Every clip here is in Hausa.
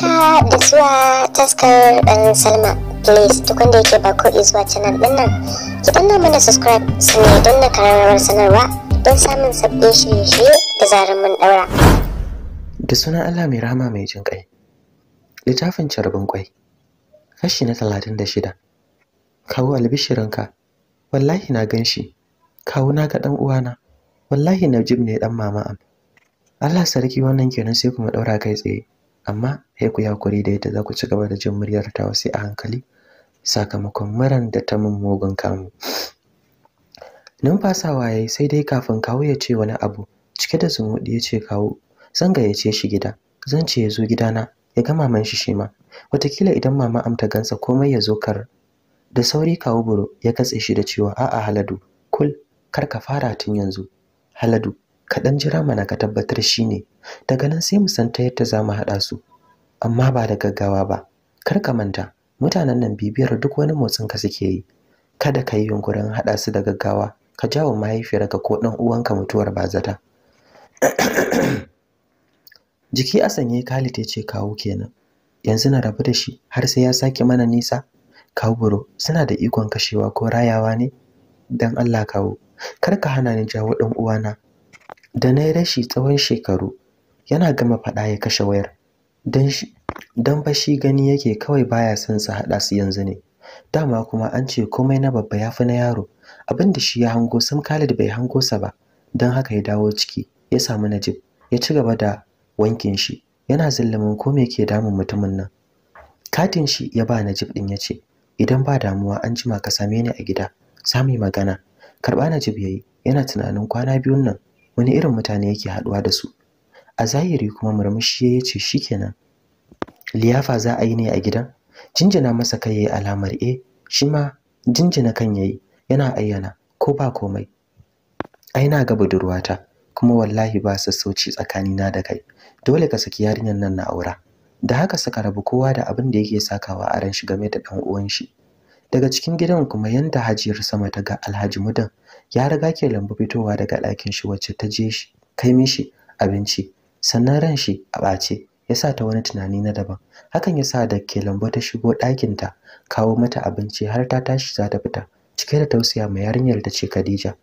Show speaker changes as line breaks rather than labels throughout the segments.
haka da zuwa taskar dan salma please duk wanda yake ba ko zuwa canal din nan ki danna mana subscribe su ne don na kararrawar sanarwa don samun sabbin shirye-shirye da zarar mun daura da sunan allah mai rahama mai jin kai littafin carbin kwai kashi na talatin da shida kawo albishirinka wallahi na ganshi. shi kawo na ga dan uwana wallahi najib ne dan mama am allah sarki wannan kenan sai kuma daura kai tsaye amma sai ku yi hakuri da yadda za ku ci gaba da jin muryar ta wasu a hankali sakamakon maran da ta min mugun kamu numfasawa ya yi sai dai kafin kawo ya ce wani abu cike da zumuɗi ya ce kawo zan gayyace shi gida zan ce ya zo gidana ya ga maman shi shi ma watakila idan mama amta gansa komai ya zo kar da sauri kawo buro ya katse shi da cewa a'a haladu kul kar ka fara tun yanzu haladu ka dan jira mana ka tabbatar shi ne daga nan sai mu san ta yadda za mu haɗa su amma ba da gaggawa ba kar ka manta mutanen nan bibiyar duk wani motsin ka suke yi kada ka yi yunkurin haɗa su da gaggawa ka jawo mahaifiyarka ko ɗan uwanka mutuwar bazata jiki a sanye Khalid ya ce kawo kenan yanzu na rabu da shi har sai ya sake mana nisa kawo suna da ikon kashewa ko rayawa ne dan Allah kawo kar ka hana ni jawo ɗan uwana da na yi rashi tsawon shekaru yana gama faɗa ya kashe wayar Don ba shi gani yake kawai baya son su haɗa su yanzu ne dama kuma an ce komai na babba ya fi na yaro Abin da shi ya hango sam Khalid bai hango sa ba Don haka ya dawo ciki ya samu Najib ya ci gaba da wankin shi yana zillamin ko me ke damun mutumin nan katin shi ya ba Najib din ya ce idan ba damuwa an jima ka same ni a gida sami magana karba Najib yayi yana tunanin kwana biyun nan wani irin mutane yake haduwa da su a zahiri kuma murmushi ya ce shikenan liyafa za a yi ne a gidan jinjina masa kai yayi alamar e shi ma jinjina kan yayi yana ayyana ko ba komai ai na ga budurwata kuma wallahi ba sassauci tsakanina da kai dole ka saki yarinyar nan na aura da haka suka rabu kowa da abin da yake sakawa a ran shi game da dan uwan shi daga cikin gidan kuma yanda hajiyar sama ta ga Alhaji Mudan ya riga ke lambu fitowa daga ɗakin shi wacce ta je shi kai mishi abinci sannan ran shi a ɓace ya sa ta wani tunani na daban hakan ya sa da ke lambo ta shigo ɗakinta kawo mata abinci har ta tashi za ta fita cike da tausiya mai yarinyar ta ce Khadija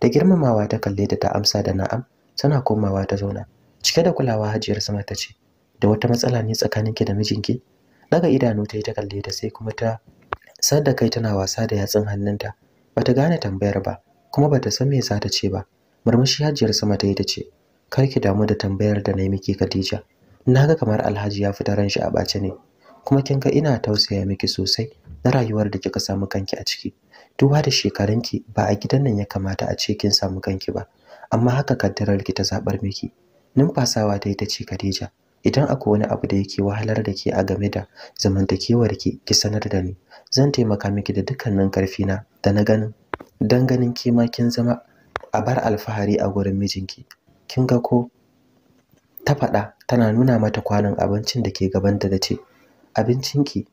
da girmamawa ta kalle ta ta amsa da na'am tana komawa ta zauna cike da kulawa hajiyar sama ta ce da wata matsala ne tsakanin tsakaninki da mijinki daga idanu ta yi ta kalle ta sai kuma ta san da kai tana wasa da yatsun hannunta bata gane tambayar ba kuma bata san me za ta ce ba murmushi hajiyar sama ta yi ta ce kar ki damu da tambayar da na yi miki Khadija na ga kamar Alhaji ya fita ran shi a bace ne kuma kin ga ina tausaya miki sosai na rayuwar da kika samu kanki a ciki duba da shekarunki ba a gidan nan ya kamata a ce kin samu kanki ba amma haka kaddarar ki ta zaɓar miki numfasawa ta ita ce Khadija idan akwai wani abu da yake wahalar da ke a game da zamantakewar ki ki sanar da ni zan taimaka miki da dukkanin karfi na da na ganin dan ganin ke ma kin zama a bar alfahari a gurin mijinki kin ga ko ta faɗa tana nuna mata kwanon abincin da ke gabanta da ce Abincin ki,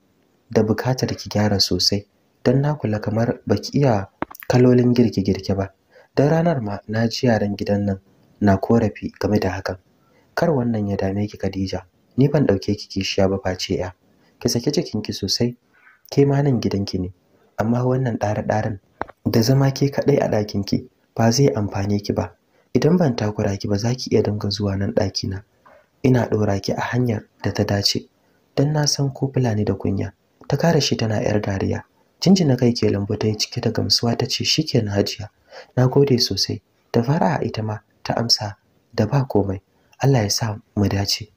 da bukatar ki gyara sosai don na kula kamar baki iya kalolin girke-girke ba dan ranar ma na ji yaran gidan nan na korafi game da hakan kar wannan ya dame ki Khadija ni ban dauke ki kishiya ba face ya ki saki cikinki sosai ke ma nan ki ne amma wannan ɗare-ɗaren da zama ke kaɗai a ki, ba zai amfane ki ba idan ban takura ki ba za ki iya dinga zuwa nan ɗakina ina ɗora ki a hanyar da ta dace don na san ko fulani da kunya ta kare shi tana yar dariya jinjina kai ke lambu ta yi cike da gamsuwa ta ce shikenan hajiya na gode sosai da fara ita ma ta amsa da ba komai Allah ya sa mu dace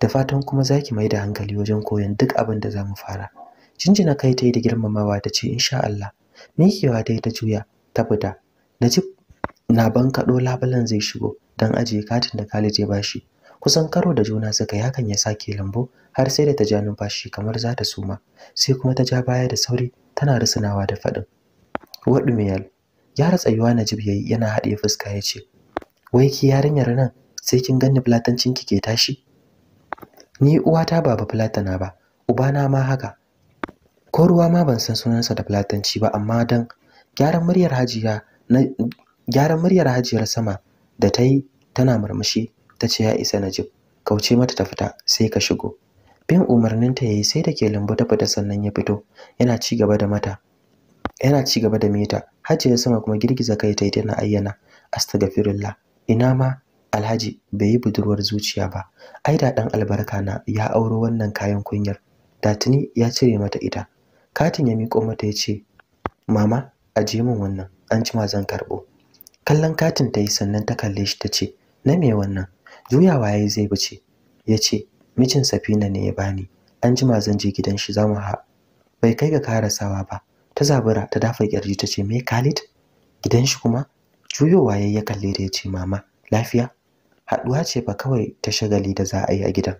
da fatan kuma zaki mai da hankali wajen koyon duk abin da za mu fara jinjina kai ta yi da girmamawa ta ce insha Allah mikewa dai ta juya ta fita najib na kaɗo labulen zai shigo dan ajiye katin da Khalid ya bashi. Kusan karo da juna suka yi hakan ya sake lambo har sai da ta ja numfashi kamar za ta suma. Sai kuma ta ja baya da sauri tana rusunawa da faɗin. wadu miyal. Ya ratsayuwa Najib yayi yana haɗiye fuska ya ce, Wai ki yarinyar nan sai kin ganni fulatancin kike tashi? Ni uwata ba ba fulatana ba, ubana ma haka. Ko ruwa ma ban san sunansa da fulatanci ba amma dan gyaran muryar Hajiya na gyaran muryar hajiyar sama da ta yi tana murmushi ta ce ya isa najib kauce mata ta fita sai ka shigo bin umarninta ya yi sai da ke lambu ta fita sannan ya fito yana ci gaba da mata yana ci gaba da mita hajiyar sama kuma girgiza kai ta yi tana ayyana astagfirullah ina ma alhaji bai yi budurwar zuciya ba ai da dan albarka na ya auro wannan kayan kunyar da tuni ya cire mata ita katin ya miƙo mata ya ce mama je min wannan an ma zan karɓo kallon katin ta yi sannan ta kalle shi ta ce na me wannan juyawa ya zai bace ya ce mijin safina ne ya bani an jima zan je gidan shi za mu ha bai kai ga karasawa ba ta zabura ta dafa kirji ta ce me khalid gidan shi kuma juyowa ya ya kalle da ya ce mama lafiya Haɗuwa ce ba kawai ta shagali da za a yi a gidan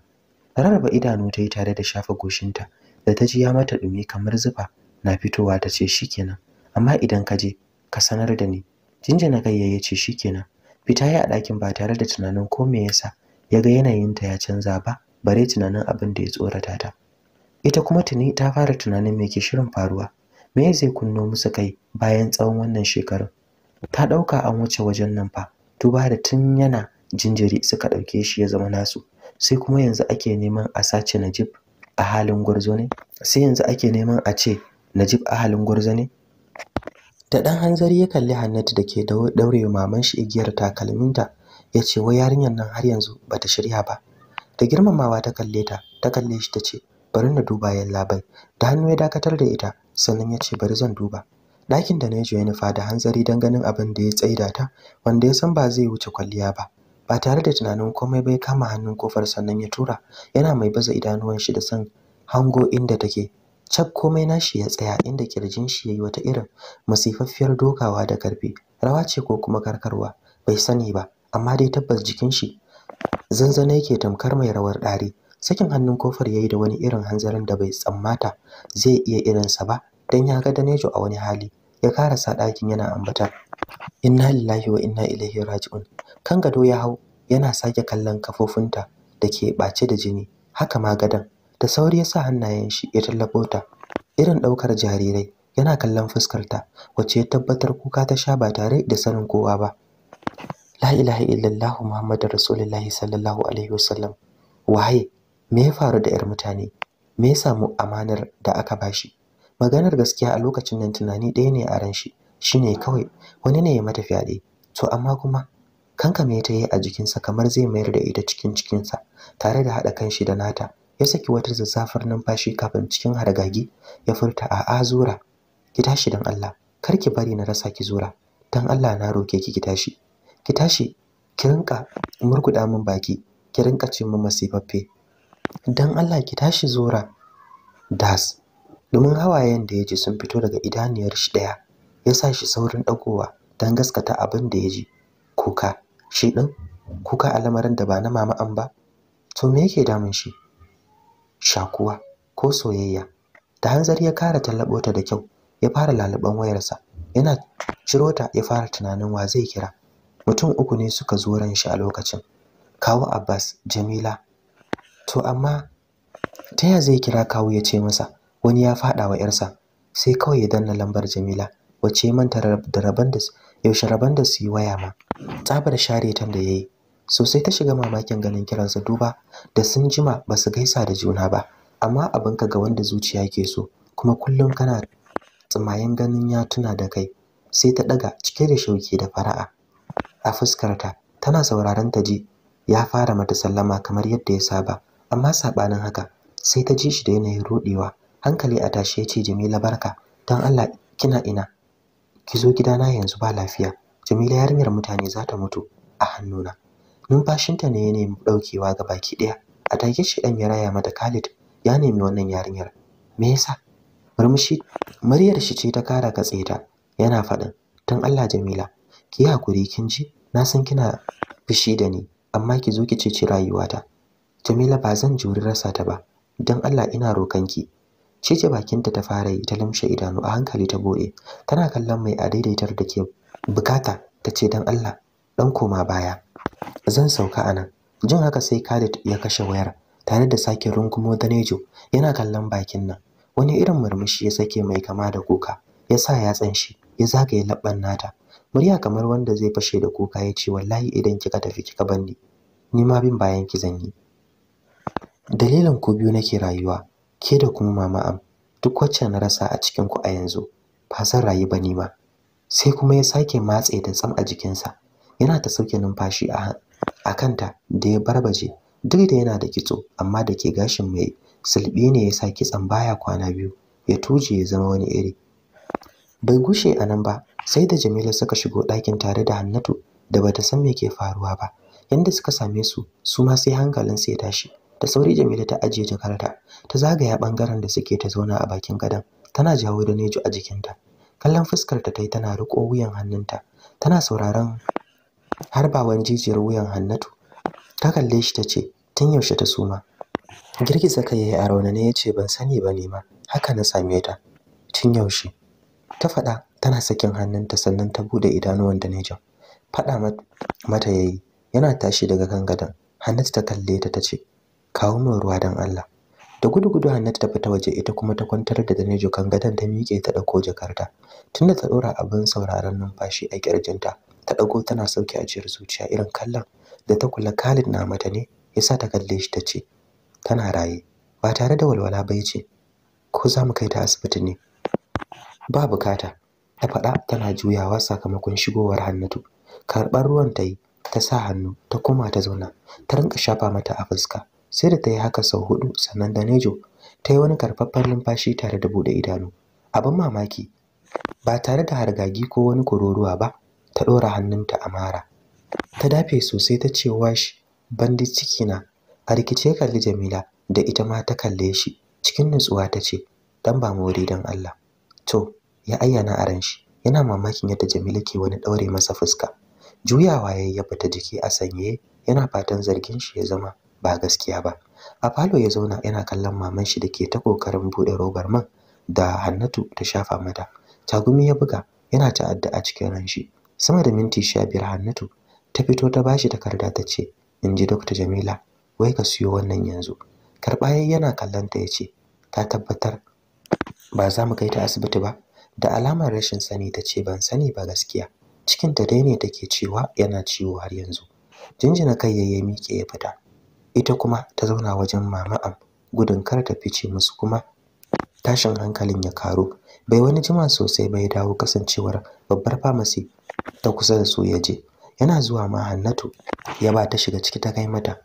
rarraba idanu ta yi tare da shafa goshinta da ta ji ya mata dumi kamar zufa na fitowa ta ce shi kenan. amma idan ka je ka sanar da ni jinjina kai yayi ce shikenan fita ya a ɗakin ba tare da tunanin ko me yasa ya ga yanayinta ya canza ba bare tunanin abin da ya tsorata ta ita kuma tuni ta fara tunanin me ke shirin faruwa me zai kunno musu kai bayan tsawon wannan shekarun ta ɗauka an wuce wajen nan fa duba da tun yana jinjiri suka ɗauke shi ya zama nasu sai kuma yanzu ake neman a sace najib a halin gwarzo ne sai yanzu ake neman a ce najib a halin gwarzo ne da ɗan hanzari ya kalli Hannatu da ke daure maman shi igiyar takalminta ya ce wai yarinyar nan har yanzu ba ta shirya ba da girmamawa ta kalle ta ta kalle shi ta ce bari na duba yan labai da hannu ya dakatar da ita sannan ya ce bari zan duba ɗakin da na ya nufa da hanzari don ganin abin da ya tsaida ta wanda ya san ba zai wuce kwalliya ba ba tare da tunanin komai bai kama hannun kofar sannan ya tura yana mai baza idanuwan shi da san hango inda take cak komai nashi ya tsaya inda kirjin shi yayi wata irin masifaffiyar dokawa da karfi rawa ce ko kuma karkarwa bai sani ba amma dai tabbas jikin shi zanzana yake tamkar mai rawar ɗari sakin hannun kofar yayi da wani irin hanzarin da bai tsammata zai iya irinsa ba dan ya ga Danejo a wani hali ya karasa ɗakin yana ambata inna lillahi wa inna ilaihi raji'un kan gado ya hau yana sake kallon kafofinta da ke ɓace da jini haka ma gadan da sauri ya sa hannayen shi ya tallafo ta irin ɗaukar jarirai yana kallon fuskarta wacce ya tabbatar kuka ta sha ba tare da sanin kowa ba la ilaha illallah muhammadur rasulullah sallallahu alaihi wasallam waye me ya faru da yar mutane me ya samu amanar da aka bashi maganar gaskiya a lokacin nan tunani ɗaya ne a ran shi shine kawai wani ne ya mata fyaɗe to amma kuma kankame ta yi a jikinsa kamar zai mayar da ita cikin cikinsa tare da haɗa kanshi da nata ya saki wata zazzafar numfashi kafin cikin hargagi ya furta a zura ki tashi dan Allah kar ki bari na rasa ki zura dan Allah na roke ki ki tashi ki tashi ki rinka murguda min baki ki rinka cin min masifaffe dan Allah ki tashi zura das domin hawayen da yaji sun fito daga idaniyar shi daya ya sa shi saurin dagowa dan gaskata abin da yaji kuka shi din kuka al'amarin da ba na mama an ba to me yake damun shi shakuwa ko soyayya da hanzari ya kara tallabo ta da kyau ya fara laluban wayarsa yana ciro ta ya fara tunanin wa zai kira mutum uku ne suka zo ran shi a lokacin kawo Abbas Jamila to amma ta ya zai kira kawo ya ce masa wani ya fada wa yarsa sai kawai ya danna lambar Jamila wace manta da raban yaushe raban da su yi waya ma tsabar share tan da yayi sosai ta shiga mamakin ganin kiransa duba da sun jima ba su gaisa da juna ba amma abin ka ga wanda zuciya ke so kuma kullum kana tsimayen ganin ya tuna da kai sai ta daga cike da shauki da fara'a a ta, tana sauraron ta ji ya fara mata sallama kamar yadda ya saba amma sabanin haka sai ta ji shi da yanayin rudewa hankali a tashi ya ce Jamila barka dan Allah kina ina ki zo gidana yanzu ba lafiya Jamila yarinyar mutane za ta mutu a hannuna numfashinta ne ya nemi ɗaukewa ga baki ɗaya a take shi ɗan ya raya mata Khalid ya nemi wannan yarinyar me yasa murmushi muryar shi ce ta kara katse ta yana faɗin tun Allah Jamila ki hakuri kin ji na san kina fishi da ni amma ki zo ki cece rayuwata Jamila ba zan juri rasa ta ba dan Allah ina rokan ki. cece bakinta ta fara yi ta lamshe idanu a hankali ta bude tana kallon mai a daidaitar da ke bukata ta ce dan Allah dan koma baya zan sauka anan jin haka sai Khalid ya kashe wayar tare da sake rungumo Danejo yana kallon bakin nan wani irin murmushi ya sake mai kama da kuka ya sa ya shi ya zagaye labban nata murya kamar wanda zai fashe da kuka ya ce wallahi idan kika tafi kika banni ni ma bin bayan ki zan yi dalilin ku biyu nake rayuwa ke da kuma mama am duk wacce na rasa a cikin ku a yanzu ba zan rayu ba ni ma sai kuma ya sake matse da tsam a jikinsa yana ta sauke numfashi a a kanta da ya barbaje duk da yana da kitso amma da ke gashin mai sulɓe ne ya sa kitson baya kwana biyu ya tuje ya zama wani iri bai gushe a nan ba sai da jamila suka shigo ɗakin tare da hannatu da bata san me ke faruwa ba yanda suka same su su ma sai su ya tashi da sauri jamila ta ajiye jakarta ta zagaya ɓangaren da suke ta zauna a bakin gadon tana jawo da nejo a jikinta kallon fuskar ta yi tana riƙo wuyan hannunta tana sauraron har jijiyar wuyan Hannatu ta kalle shi ta ce tun yaushe ta suma girgiza kai yayi a ne ya ce ban sani ba ne ma haka na same ta tun yaushe ta faɗa tana sakin hannunta sannan ta bude idanuwan da Neja faɗa mata yayi yana tashi daga kan gadon Hannatu ta kalle ta ta ce kawo min ruwa don Allah da gudu gudu Hannatu ta fita waje ita kuma ta kwantar da Danijo kan gadon ta miƙe ta ɗauko jakarta tunda ta ɗora abin sauraron numfashi a ƙirjinta. ta ɗauko tana sauke ajiyar zuciya irin kallon da ta kula Khalid na mata ne yasa ta kalle shi ta ce tana raye ba tare da walwala ba ce ko za mu kai ta asibiti ne ba bukata ta faɗa tana juyawa sakamakon shigowar Hannatu karɓar ruwan ta yi ta sa hannu ta koma ta zauna ta rinka shafa mata a fuska sai da ta yi haka sau hudu sannan danejo ta yi wani karfaffen numfashi tare da bude idanu abin mamaki ba tare da hargagi ko wani kururuwa ba ta ɗora hannunta a mara ta dafe sosai ta ce wash bandi ciki na a rikice kalli jamila da ita ma ta kalle shi cikin nutsuwa ta ce dan ba wuri don allah to ya ayyana a ran shi yana mamakin yadda jamila ke wani daure masa fuska juyawa ya yi ya ta jiki a sanye yana fatan zargin shi ya zama ba gaskiya ba a falo ya zauna yana kallon maman shi da ke ta kokarin buɗe robar man da hannatu ta shafa mata tagumi ya buga yana ta'adda a cikin ran shi sama da minti sha biyar hannatu ta fito ta bashi takarda ta ce in ji dokta jamila wai ka siyo wannan yanzu karɓa yana kallon ta ya ce ta tabbatar ba za mu kai ta asibiti ba da alamar rashin sani ta ce ban sani ba gaskiya cikinta dai ne take cewa yana ciwo har yanzu jinjina kai ya yi miƙe ya fita ita kuma ta zauna wajen mama am gudun kar ta fice musu kuma tashin hankalin ya karu bai wani jima sosai bai dawo kasancewar babbar famasi ta kusa da su yaje. yana zuwa ma Hannatu ya ba ta shiga ciki ta kai mata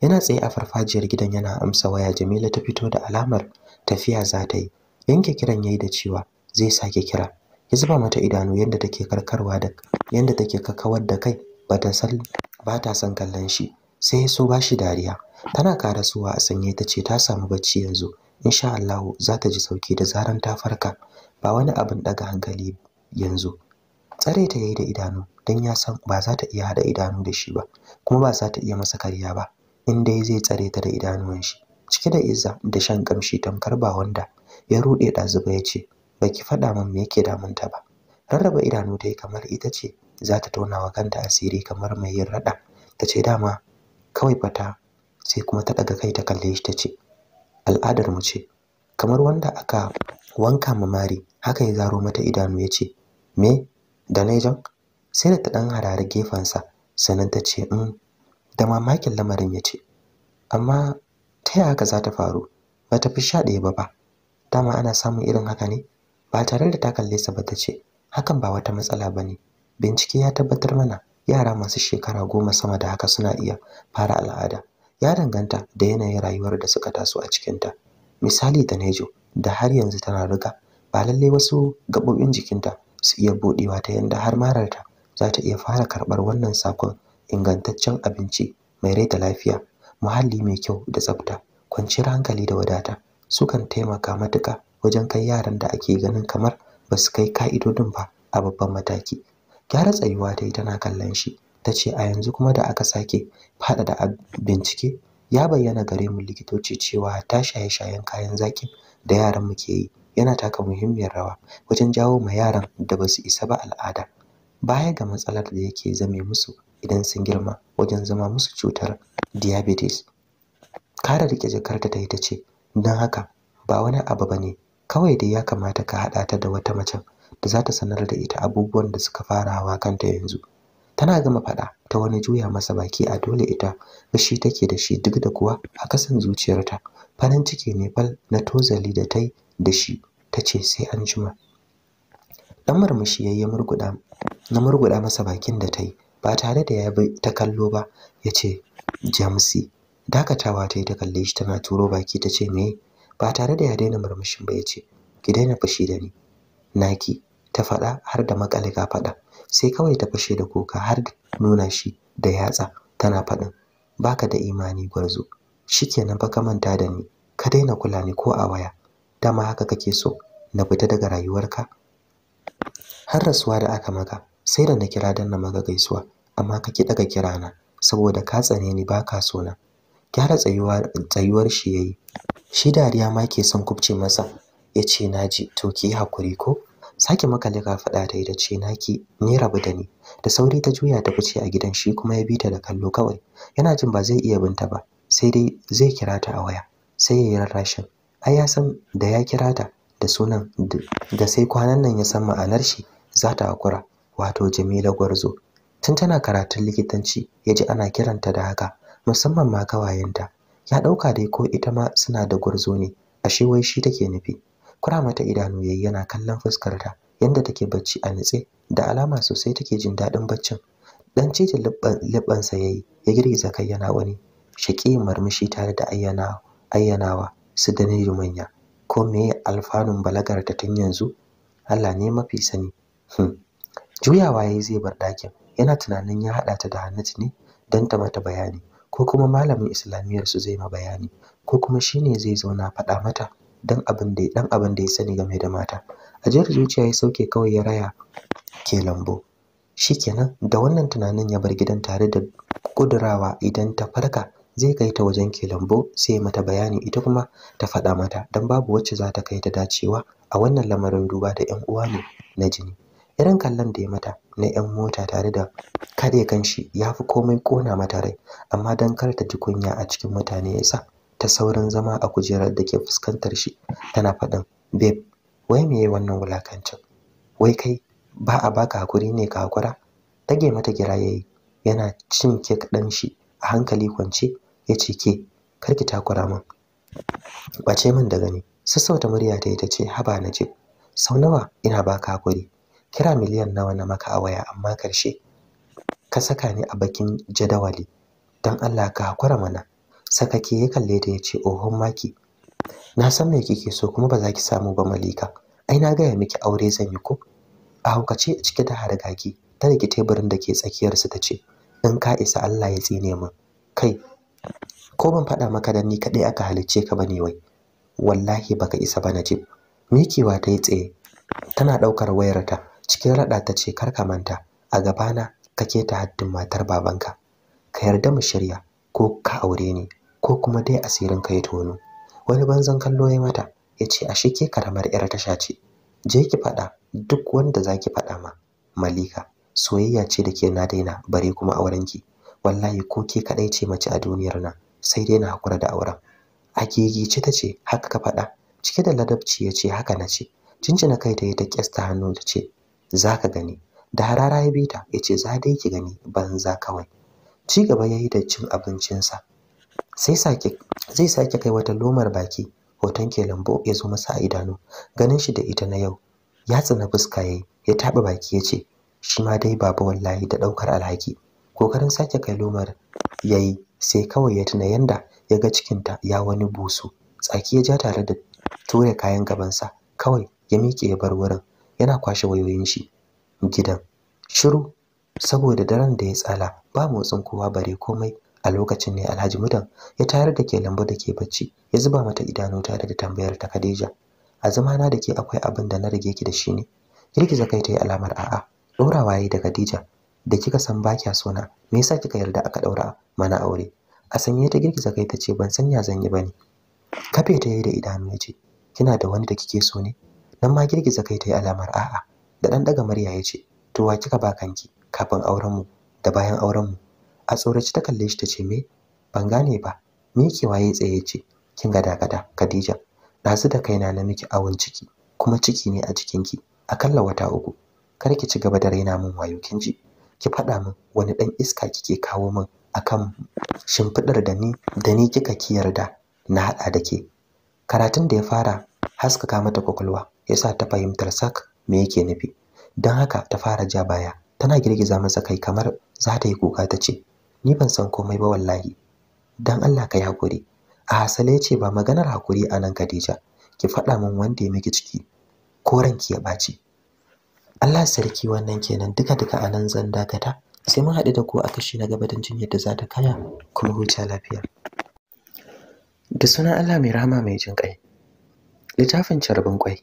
yana tsaye a farfajiyar gidan yana amsa waya Jamila ta fito da alamar tafiya za ta yi yanke kiran yayi da cewa zai sake kira ya zuba mata idanu yanda take karkarwa da yanda take kakawar da kai bata san ba ta san kallon shi sai ya so ba shi dariya tana karasuwa a sanye ta ce ta samu bacci yanzu insha Allah za ta ji sauki da zaran ta farka ba wani abin daga hankali yanzu tsare ta yayi da idanu dan ya san ba za ta iya hada idanu da shi ba kuma ba za ta iya masa kariya ba in dai zai tsare ta da idanuwan shi cike da izza da shan kamshi tamkar ba wanda ya rude da zuba ya ce baki fada min me yake damunta ba rarraba idanu ta kamar ita ce za ta tona wa kanta asiri kamar mai yin rada ta ce dama kawai fata sai kuma ta daga kai ta kalle shi tace al'adar mu ce kamar wanda aka wanka mamari, haka ya zaro mata idanu ya ce me da naijan sai da ta dan harare sa sannan ta ce um da mamakin lamarin ya ce amma ta yaya haka za ta faru ba ta fi sha ɗaya ba ba dama ana samun irin haka ne ba tare da ta kalle sa ba ta ce hakan ba wata matsala bane bincike ya tabbatar mana yara masu shekara goma sama da haka suna iya fara al'ada ya danganta da yanayin rayuwar da suka taso a cikinta misali da nejo da har yanzu tana riga ba lalle wasu gaɓoɓin jikinta su iya buɗewa ta yanda har mararta za ta iya fara karɓar wannan sakon ingantaccen abinci mai rai da lafiya muhalli mai kyau da tsafta kwanciyar hankali da wadata sukan taimaka matuka wajen kai yaran da ake ganin kamar ba su kai ka'idodin ba a babban mataki gyara tsayuwa ta yi tana kallon shi ta ce a yanzu kuma da aka sake da bincike ya bayyana gare mu likitoci cewa ta shaye-shayen kayan zaƙin da yaran mu ke yi yana taka muhimmiyar rawa wajen jawo ma yaran da ba su isa ba al'ada baya ga matsalar da yake zame musu idan sun girma wajen zama musu cutar diabetes kara rike jakarta ta yi ta ce don haka ba wani abu ba ne kawai dai ya kamata ka haɗa ta da wata macen da za ta sanar da ita abubuwan da suka fara hawa kanta yanzu tana gama faɗa ta wani juya masa baki a dole ita fushi take da shi duk da kuwa a kasan zuciyarta farin ciki ne fal na tozali da tai da shi ta ce sai an jima dan murmushi ya murguda na murguda masa bakin da tai ba tare da ya bi ta kallo ba ya ce jamsi dakatawa ta yi ta kalle shi tana turo baki ta ce me ba tare da ya daina murmushin ba ya ce ki daina fushi da ni naki ta faɗa har da makale ka faɗa sai kawai ta fashe da kuka har da nuna shi da yatsa tana faɗin baka da imani gwarzo shikenan fa ka manta da ni ka daina kula ni ko a waya dama haka kake so na fita daga rayuwarka har rasuwa da aka maka sai da na kira dan na maka gaisuwa amma ki daga na saboda ka tsane ni baka so na gyara tsayuwar tsayuwar shi yayi shi dariya ma ke son kubce masa yace naji to ki hakuri ko sake maka ka faɗa ta ita da ce naki ni rabu da ni da sauri ta juya ta fice a gidan shi kuma ya bi ta da kallo kawai yana jin ba zai iya binta ba sai dai zai kira ta a waya sai ya yi rarrashin ai ya san da ya kira ta da sunan da sai kwanan nan ya san ma'anar shi za ta hakura wato Jamila Gwarzo tun tana karatun likitanci ya ji ana kiranta da haka musamman ma kawayenta ya ɗauka dai ko ita ma suna da gwarzo ne ashe wai shi take nufi kura mata idanu yayi yana kallon fuskar ta yanda take bacci a nitse da alama sosai take jin dadin baccin dan cije lubban sa yayi ya girgiza kai yana wani shaki marmishi tare da ayyana ayyanawa su da manya ko meye alfanun balagar ta tun yanzu Allah ne mafi sani hmm. juyawa yayi zai bar dakin yana tunanin ya hada ta da Hannatu ne dan ta mata bayani ko kuma malamin islamiyyar su zai ma bayani ko kuma shine zai zauna faɗa mata dan abin da ya sani game da mata ajiyar zuciya ya sauke kawai ya raya ke lambo shikenan da wannan tunanin ya bar gidan tare da kudurawa idan ta farka zai kai ta wajen ke lambu sai mata bayani ita kuma ta faɗa mata dan babu wacce za ta kai ta dacewa a wannan lamarin duba da 'yan uwa ne na jini irin kallon da ya mata na 'yan mota tare da kare kanshi ya fi komai kona mata rai amma dan kar ta ji kunya a cikin mutane ya sa. ta saurin zama a kujerar da ke fuskantar shi tana faɗin babe wai meye wannan wulakancin wai kai ba a baka hakuri ne ka hakura tage mata gira yayi yana cin kek ɗin shi a hankali kwance ya ce ke ki takura min bace min da gani sassauta murya ta ita ce haba na je sau nawa ina baka hakuri kira miliyan nawa na maka a waya amma karshe ka saka ni a bakin jadawali don Allah ka hakura mana sakake ya kalle da yace ohon maki na san me kike so kuma ba za ki samu ba malika ai na gaya miki aure zan yi ko a haukace cike da hargaki ta rike teburin da ke tsakiyar su tace in ka isa Allah ya tsine mu. kai ko ban faɗa maka dan ni kadai aka halicce ka bane wai wallahi baka isa ba Najib Mikiwa ta yi tsaye tana daukar ta cikin rada ta ce karka manta a gabana kake ta haddin matar babanka ka yarda mu shirya ko ka aure ni ko kuma dai asirin kai tono wani banzan kallo ya mata ya ce ashe ke karamar yar tasha ce je ki faɗa duk wanda za ki faɗa ma malika soyayya ce da ke na daina bare kuma auren ki wallahi ko ke kaɗai ce mace a duniyar nan sai dai na hakura da auren a gigice ta ce haka ka faɗa cike da ladabci ya ce haka na ce cincina kai ta yi ta kyasta hannu ta ce za ka gani da harara ya bi ta ya ce za dai ki gani banza kawai ci gaba ya yi da cin abincinsa sai sake zai sake kai wata lomar baki hoton ke lambo ya zo masa a idanu ganin shi da ita na yau ya tsina fuska yayi ya taba baki yace shi ma dai baba wallahi da daukar alhaki kokarin sake kai lomar yayi sai kawai ya tuna yanda ya ga cikinta ya wani busu tsaki ya ja tare da ture kayan gabansa kawai ya miƙe ya bar wurin yana kwashe wayoyin shi gidan shiru saboda daren da ya tsala ba motsin kowa bare komai a lokacin ne Alhaji Mudan ya tayar da ke lambu da ke bacci ya zuba mata idanu tare da tambayar ta Khadija a zamana da ke akwai abin da na rage ki da shi ne girgiza kai ta yi alamar a'a ɗora waye da Khadija da kika san ba kya sona me yasa kika yarda aka daura mana aure a sanye ta girgiza kai ta ce ban san ya zan yi bane kafe ta yi da idanu ya ce kina da wani da kike so ne nan ma girgiza kai ta yi alamar a'a da dan daga murya ya ce to wa kika ba kanki kafin auren mu da bayan auren mu a tsorace ta kalle shi ta ce me ban gane ba Miki waye tsaye ce kin ga gada, Khadija ɗazu da kai na miki awon ciki kuma ciki ne a A akalla wata uku kar ki ci gaba da raina min wayo kin ji ki faɗa min wani ɗan iska kike kawo min akan shimfiɗar da ni da ni kika ki yarda na haɗa da ke karatun da ya fara haskaka mata kwakwalwa yasa ta fahimtar sak me yake nufi don haka ta fara ja baya tana girgiza masa kai kamar za ta yi kuka ta ce ni ban san komai ba wallahi dan Allah ka hakuri a hasale ce ba maganar hakuri anan Khadija ki faɗa min wanda ya miki ciki ko ranki ya ɓaci Allah sarki wannan kenan duka duka anan zan dakata sai mun haɗu da ku a kashi na gaba don jin da za ta kaya kuma huta lafiya da sunan Allah mai rahama mai jin ƙai littafin carbin kwai.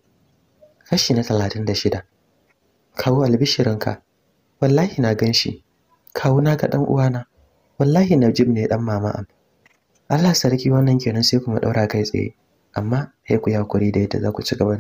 kashi na talatin da shida kawo albishirinka wallahi na ganshi shi kawo na ga ɗan uwana wallahi najib ne dan mama am Allah sarki wannan kenan sai kuma daura kai tsaye amma sai ku yakuri da yadda za ku ci gaba